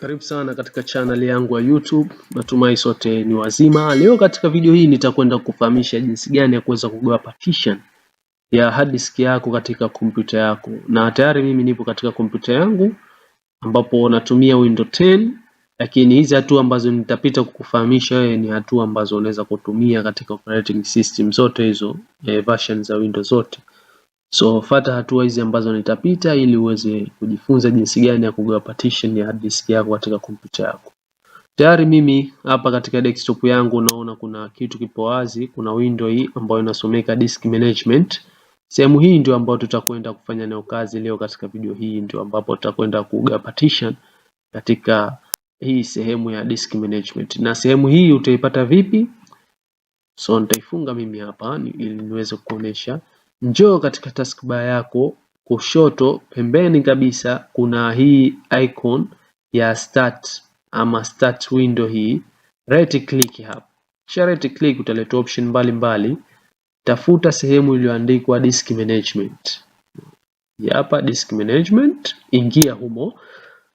Karibu sana katika channel yangu ya YouTube. Natumai sote ni wazima. Leo katika video hii nitakwenda kufahamisha jinsi gani ya kuweza kugawa partition ya hard disk yako katika kompyuta yako, na tayari mimi nipo katika kompyuta yangu ambapo natumia Windows 10, lakini hizi hatua ambazo nitapita kukufahamisha wewe ni hatua ambazo unaweza kutumia katika operating system zote hizo, eh, version za Windows zote. So fata hatua hizi ambazo nitapita ili uweze kujifunza jinsi gani ya kugawa partition ya hard disk yako katika kompyuta yako. Tayari mimi hapa katika desktop yangu naona kuna kitu kipo wazi, kuna window hii ambayo inasomeka disk management. Sehemu hii ndio ambayo tutakwenda kufanya nayo kazi leo katika video hii, ndio ambapo tutakwenda kugawa partition katika hii sehemu ya disk management. Na sehemu hii utaipata vipi? So nitaifunga mimi hapa ili niweze kuonesha njoo katika taskbar yako kushoto pembeni kabisa kuna hii icon ya start ama start window hii, right click hapa. Kisha right click utaleta option mbalimbali mbali. Tafuta sehemu iliyoandikwa disk management hapa, disk management, ingia humo.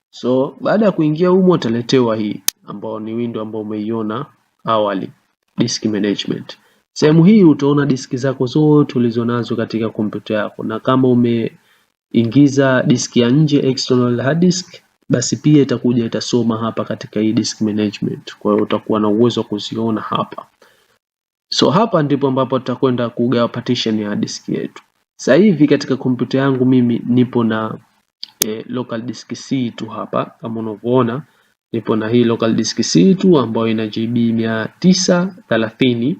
So baada ya kuingia humo utaletewa hii ambao ni window ambao umeiona awali, disk management. Sehemu hii utaona diski zako zote ulizonazo katika kompyuta yako, na kama umeingiza diski ya nje external hard disk, basi pia itakuja itasoma hapa katika hii disk management. Kwa hiyo utakuwa na uwezo wa kuziona hapa. So hapa ndipo ambapo tutakwenda kugawa partition ya disk yetu. Sasa hivi katika kompyuta yangu mimi nipo na eh, local disk C tu hapa kama unavyoona nipo na hii local disk C tu ambayo ina GB 930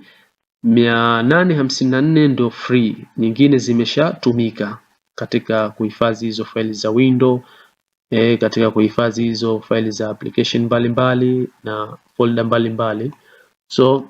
mia nane hamsini na nne ndio free, nyingine zimeshatumika katika kuhifadhi hizo faili za window e, eh, katika kuhifadhi hizo faili za application mbalimbali na folder mbalimbali so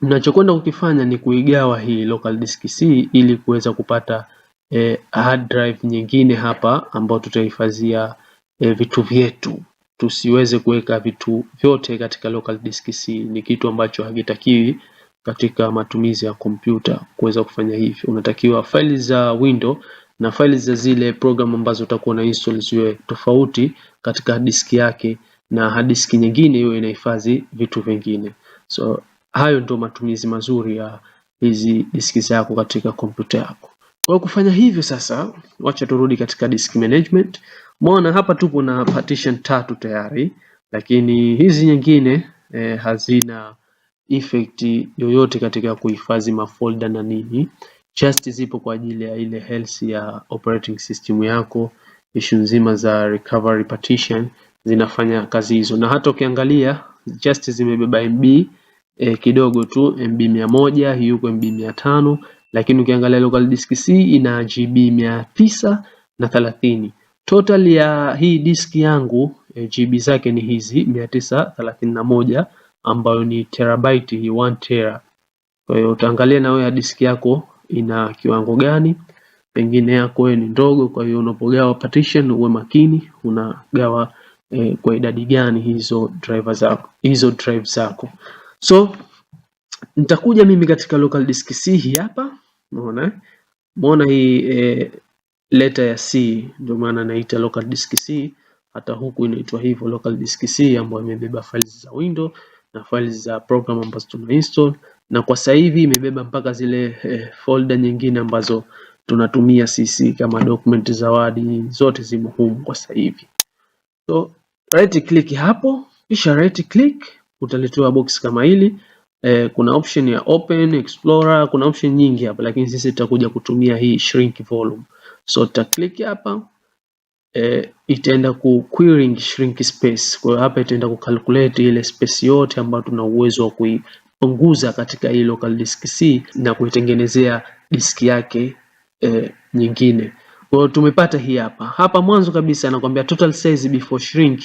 mnachokwenda kukifanya ni kuigawa hii local disk C ili kuweza kupata eh, hard drive nyingine hapa ambayo tutahifadhia eh, vitu vyetu. Tusiweze kuweka vitu vyote katika local disk C, ni kitu ambacho hakitakiwi katika matumizi ya kompyuta kuweza kufanya hivyo, unatakiwa faili za window na faili za zile program ambazo utakuwa na install ziwe tofauti katika hard disk yake, na hard nyingine iwe inahifadhi vitu vingine. So hayo ndio matumizi mazuri ya hizi diski zako katika kompyuta yako. Kwa kufanya hivyo sasa, wacha turudi katika disk management. Mwana hapa tupo na partition tatu tayari, lakini hizi nyingine eh, hazina effect yoyote katika kuhifadhi mafolda na nini. Just zipo kwa ajili ya ile health ya operating system yako, issue nzima za recovery partition zinafanya kazi hizo, na hata ukiangalia just zimebeba MB eh, kidogo tu MB mia moja hii uko MB mia tano lakini ukiangalia local disk C ina GB mia tisa na thelathini. Total ya hii diski yangu eh, GB zake ni hizi mia tisa thelathini na moja ambayo ni terabyte hii, 1 tera. Kwa hiyo utaangalia na wewe ya diski yako ina kiwango gani, pengine yako wewe ni ndogo. Kwa hiyo unapogawa partition uwe makini, unagawa eh, kwa idadi gani hizo drive zako hizo drive zako. So nitakuja mimi katika local disk C hii hapa, umeona umeona hii eh, leta ya C ndio maana naita local disk C. Hata huku inaitwa hivyo local disk C, ambayo imebeba files za window na files za program ambazo install na kwa sasa hivi imebeba mpaka zile eh, folder nyingine ambazo tunatumia sisi kama document za zote zimo humu kwa sasa hivi. So right click hapo, kisha right click utaletewa box kama hili. Eh, kuna option ya open explorer, kuna option nyingi hapa, lakini sisi tutakuja kutumia hii shrink volume, so tuta click hapa eh, itaenda ku querying shrink space. Kwa hiyo hapa itaenda ku calculate ile space yote ambayo tuna uwezo wa kuipunguza katika hii local disk C na kuitengenezea diski yake eh, nyingine. Kwa hiyo tumepata hii hapa. Hapa mwanzo kabisa anakuambia total size before shrink.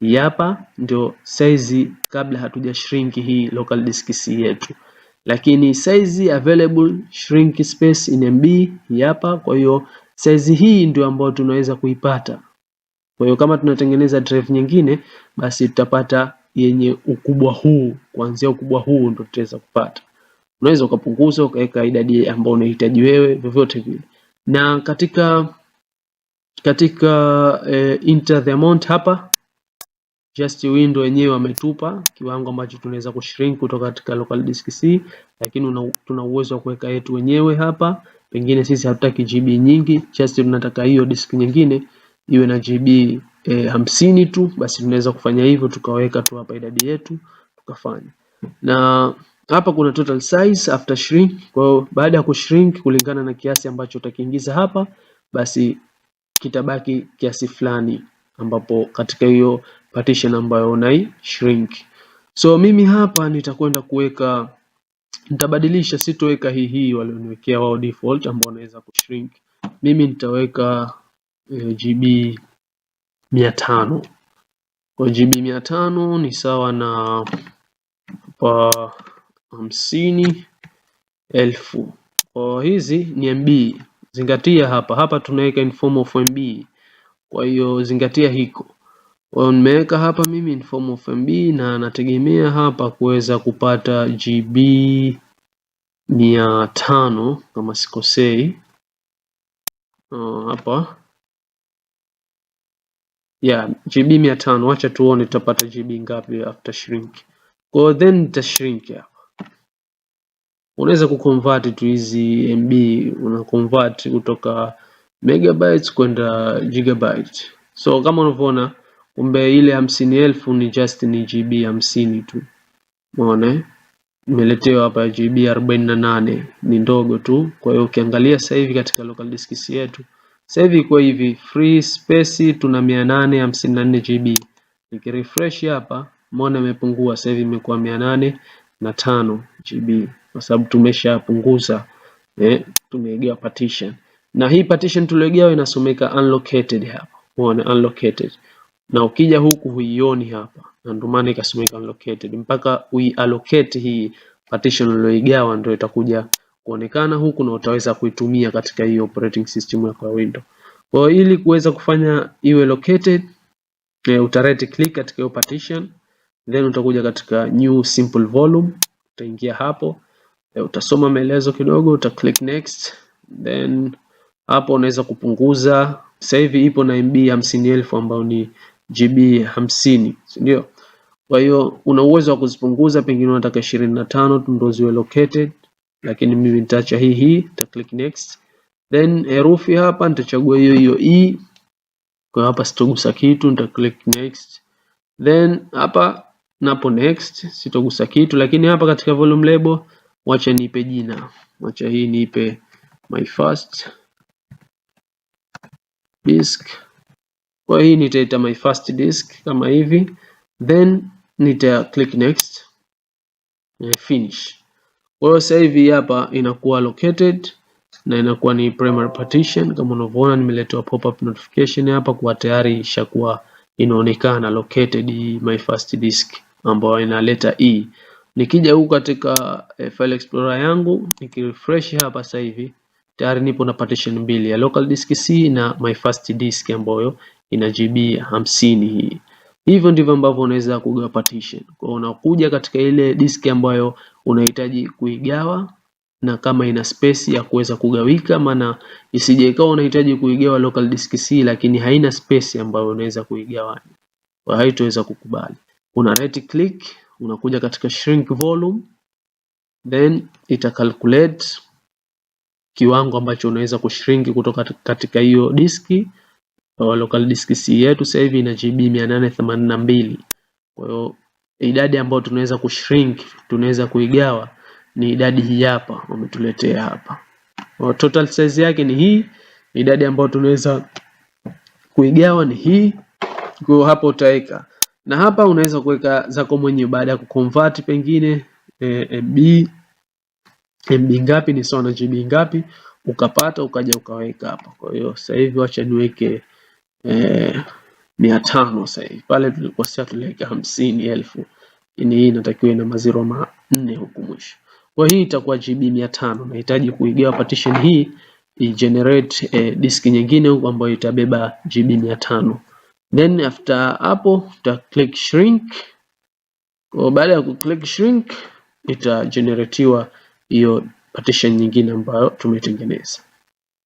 Hii hapa ndio size kabla hatuja shrink hii local disk C yetu. Lakini size available shrink space in MB hii hapa, kwa hiyo Size hii ndio ambayo tunaweza kuipata. Kwa hiyo kama tunatengeneza drive nyingine, basi tutapata yenye ukubwa huu, kuanzia ukubwa huu ndio tutaweza kupata. Unaweza ukapunguza ukaweka idadi ambayo unahitaji wewe, vyovyote vile. Na katika katika eh, enter the amount hapa just window yenyewe wametupa kiwango ambacho tunaweza kushrink kutoka katika local disk C, lakini tuna uwezo wa kuweka yetu wenyewe hapa Pengine sisi hatutaki GB nyingi, just tunataka hiyo disk nyingine iwe na GB e, eh, hamsini tu, basi tunaweza kufanya hivyo, tukaweka tu hapa idadi yetu tukafanya. Na hapa kuna total size after shrink. Kwa hiyo baada ya kushrink kulingana na kiasi ambacho utakiingiza hapa, basi kitabaki kiasi fulani ambapo katika hiyo partition ambayo unai shrink. So mimi hapa nitakwenda kuweka Nitabadilisha, sitoweka hii hii walioniwekea wao default ambao wanaweza kushrink. Mimi nitaweka eh, GB 500. Kwa GB 500 ni sawa na pa hamsini elfu. Kwa hizi ni MB. Zingatia hapa, hapa tunaweka in form of MB. Kwa hiyo zingatia hiko wameweka hapa mimi ni form of MB na nategemea hapa kuweza kupata GB mia tano kama sikosei. Uh, hapa yeah, GB mia tano. Wacha tuone tutapata GB ngapi after shrink. Kwa then shrink hapa. Unaweza kuconvert tu hizi MB, una convert kutoka megabytes kwenda gigabyte. So kama unavyoona Kumbe ile hamsini elfu ni just ni GB hamsini tu, umeona eh? hapa GB 48 ni ndogo tu. Kwa hiyo ukiangalia sasa hivi katika local disk yetu sasa hivi kwa hivi, free space tuna 854 GB. Nikirefresh hapa, umeona imepungua sasa hivi imekuwa 805 GB kwa sababu tumeshapunguza eh, tumeegea partition na hii partition tuliogewa inasomeka unlocated hapa, umeona unlocated na ukija huku huioni hapa, na ndio maana ikasemeka unallocated. Mpaka allocate hii partition uliyoigawa, ndio itakuja kuonekana huku na utaweza kuitumia katika hii operating system yako ya Windows. Kwa hiyo ili kuweza kufanya iwe located, e, uta right click katika hiyo partition, then utakuja katika new simple volume, utaingia hapo, e, utasoma maelezo kidogo, uta click next, then hapo unaweza kupunguza. Sasa hivi ipo na MB 50000 ambayo ni GB hamsini, si ndio? Kwa hiyo una uwezo wa kuzipunguza, pengine unataka ishirini na tano tu ndio ziwe located, lakini mimi nitaacha hii hii, nita click next, then herufi hapa nitachagua hiyo hiyo e. Kwa hapa sitogusa kitu, nita click next, then hapa napo next, sitogusa kitu, lakini hapa katika volume label wacha niipe jina, wacha hii niipe my first disk kwa hii nitaita my first disk kama hivi, then nita click next na finish. Kwa hiyo sasa hivi hapa inakuwa located na inakuwa ni primary partition. Kama unavyoona nimeletewa pop up notification hapa, kwa tayari ishakuwa inaonekana located my first disk ambayo inaleta E. Nikija huku katika eh, file explorer yangu nikirefresh hapa sasa hivi Tayari nipo na partition mbili ya local disk C na my first disk ambayo ina GB hamsini hii. Hivyo ndivyo ambavyo unaweza kugawa partition. Kwa unakuja katika ile disk ambayo unahitaji kuigawa na kama ina space ya kuweza kugawika, maana isije ikawa unahitaji kuigawa local disk C lakini haina space ambayo unaweza kuigawanya. Kwa hiyo haitoweza kukubali. Una right click, unakuja katika shrink volume then ita calculate kiwango ambacho unaweza kushrinki kutoka katika hiyo diski. Local disk C yetu sasa hivi ina GB 882. Kwa hiyo idadi ambayo tunaweza kushrink, tunaweza kuigawa ni idadi hii hapa, wametuletea hapa. O, total size yake ni hii, idadi ambayo tunaweza kuigawa ni hii. Kwa hiyo hapa utaweka na hapa unaweza kuweka zako mwenyewe baada ya kuconvert pengine eh, MB eh, MB ngapi ni sawa na GB ngapi, ukapata ukaja ukaweka hapa. Kwa hiyo sasa hivi wacha niweke eh, mia tano sasa hivi. Pale tulikosea tuliweka hamsini elfu ni hii inatakiwa ina maziro manne huku mwisho. Kwa hii itakuwa GB 500. Nahitaji kuigawa partition hii i generate eh, disk nyingine huku ambayo itabeba GB 500. Then after hapo tuta click shrink. Kwa baada ya ku click shrink itageneratiwa hiyo partition nyingine ambayo tumetengeneza.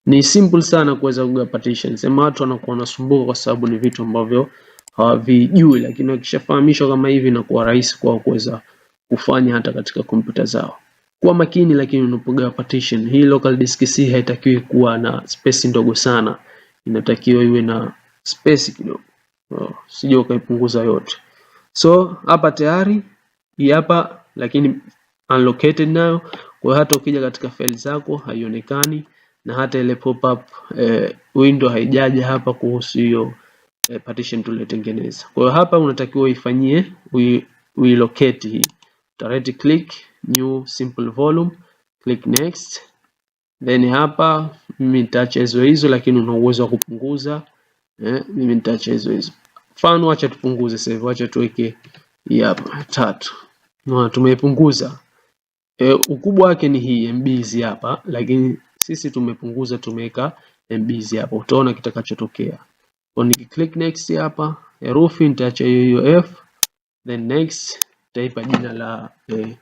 Ni simple sana kuweza kugawa partition. Sema watu wanakuwa wanasumbuka kwa sababu ni vitu ambavyo hawavijui, lakini wakishafahamishwa kama hivi inakuwa rahisi kwao kuweza kufanya hata katika kompyuta zao. Kuwa makini lakini unapogawa partition. Hii local disk C haitakiwi kuwa na space ndogo sana, inatakiwa iwe na space kidogo, Oh, sije ukaipunguza yote. So hapa tayari hii hapa, lakini unlocated nayo kwa hiyo hata ukija katika file zako haionekani na hata ile pop up eh, window haijaja hapa kuhusu hiyo eh, partition tuliyotengeneza. Kwa hiyo hapa unatakiwa uifanyie uilocate hii. Uta right click new simple volume, click next. Then hapa mimi nitaacha hizo hizo, lakini una uwezo wa kupunguza eh, mimi nitaacha hizo hizo. Mfano acha tupunguze sasa hivi, acha tuweke hii hapa tatu. Na tumeipunguza Eh, ukubwa wake ni hii MB hizi hapa, lakini sisi tumepunguza tumeweka MB hizi hapa, utaona kitakachotokea. click next hapa, herufi nitaacha hiyo hiyo F, then next nitaipa jina la e,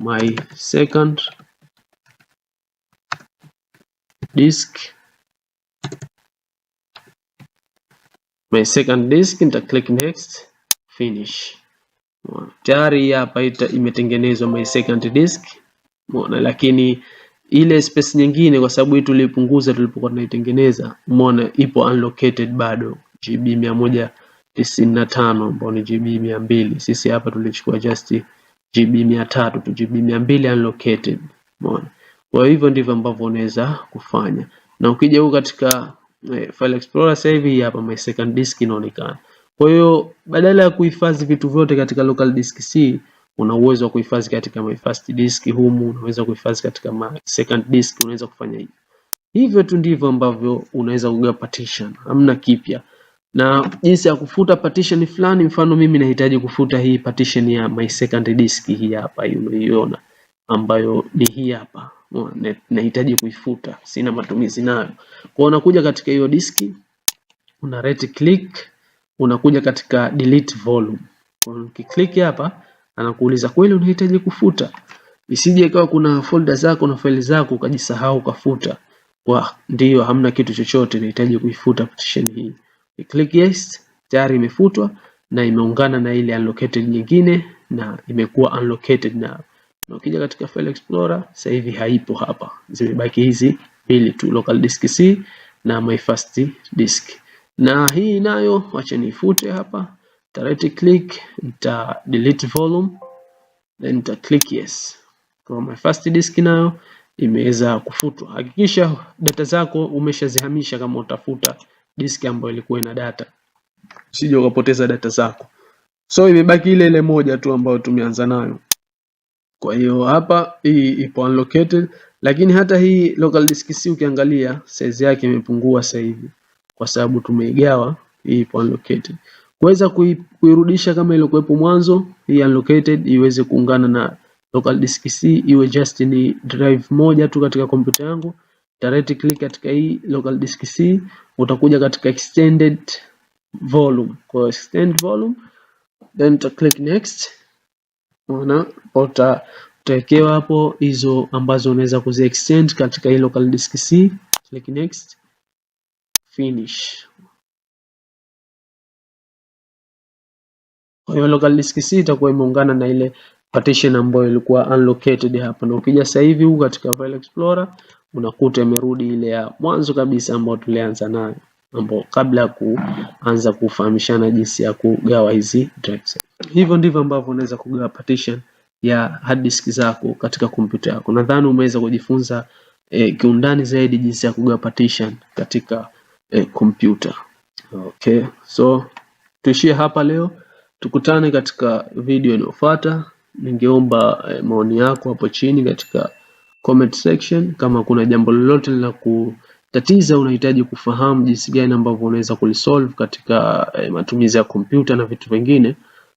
my second disk, my second disk, nita click next, finish tayari hapa ita imetengenezwa my second disk umeona, lakini ile space nyingine kwa sababu hii tulipunguza tulipokuwa tunaitengeneza, umeona ipo unallocated bado GB 195 ambao ni GB 200. Sisi hapa tulichukua just GB 300 tu, GB 200 unallocated, umeona. Kwa hivyo ndivyo ambavyo unaweza kufanya, na ukija huko katika eh, File Explorer sasa hivi hapa my second disk inaonekana. Kwa hiyo badala ya kuhifadhi vitu vyote katika local disk C, una uwezo wa kuhifadhi katika my first disk humu, unaweza kuhifadhi katika my second disk, unaweza kufanya hivyo. Hivyo tu ndivyo ambavyo unaweza kugawa partition, hamna kipya. Na jinsi ya kufuta partition fulani, mfano mimi nahitaji kufuta hii partition ya my second disk hii hapa hii unaiona ambayo ni hii hapa. Nahitaji kuifuta, sina matumizi nayo. Kwa hiyo unakuja katika hiyo diski una right click unakuja katika delete volume. Kwa hiyo ukiklik hapa anakuuliza kweli unahitaji kufuta? Isije ikawa kuna folder zako na faili zako ukajisahau ukafuta. Kwa ndiyo, hamna kitu chochote nahitaji kuifuta partition hii. Ukiklik yes tayari imefutwa na imeungana na ile unlocated nyingine na imekuwa unlocated na na ukija katika file explorer sasa hivi haipo hapa, zimebaki hizi mbili tu, local disk C na my first disk na hii nayo wacha niifute hapa, nita right click, nita delete volume, then nita click yes. Kwa my first disk nayo imeweza kufutwa. Hakikisha data zako umeshazihamisha kama utafuta disk ambayo ilikuwa ina data, usije ukapoteza data zako. So imebaki ile ile moja tu ambayo tumeanza nayo. Kwa hiyo hapa hii ipo unlocated, lakini hata hii local disk C ukiangalia size yake imepungua sasa hivi kwa sababu tumeigawa hii ipo unallocated. Kuweza kuirudisha kama ilikuwepo mwanzo hii unallocated iweze kuungana na local disk C iwe just ni drive moja tu katika kompyuta yangu. Ta right click katika hii local disk C, utakuja katika extended volume. Kwa extend volume then ta click next. Unaona uta utawekewa hapo hizo ambazo unaweza kuzi extend katika hii local disk C. Click next finish. Kwa hiyo local disk C itakuwa imeungana na ile partition ambayo ilikuwa unlocated hapa, na ukija sasa hivi huko katika file explorer unakuta imerudi ile ya mwanzo kabisa ambayo tulianza nayo, ambayo kabla ya kuanza kufahamishana jinsi ya kugawa hizi drives. Hivyo ndivyo ambavyo unaweza kugawa partition ya hard disk zako katika kompyuta yako. Nadhani umeweza kujifunza eh, kiundani zaidi jinsi ya kugawa partition katika eh, computer. Okay, so tuishie hapa leo, tukutane katika video inayofuata. Ningeomba eh, maoni yako hapo chini katika comment section. Kama kuna jambo lolote la unahitaji kufahamu jinsi gani ambavyo unaweza kulisolve katika eh, matumizi ya kompyuta na vitu vingine,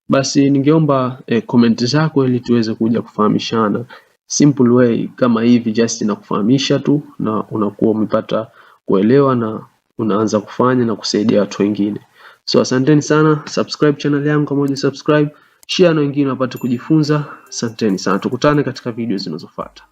basi ningeomba eh, comment zako ili tuweze kuja kufahamishana simple way kama hivi, just na kufahamisha tu, na unakuwa umepata kuelewa na unaanza kufanya na kusaidia watu wengine. So asanteni sana, subscribe channel yangu pamoja subscribe, share na wengine wapate kujifunza. Asanteni sana, tukutane katika video zinazofuata.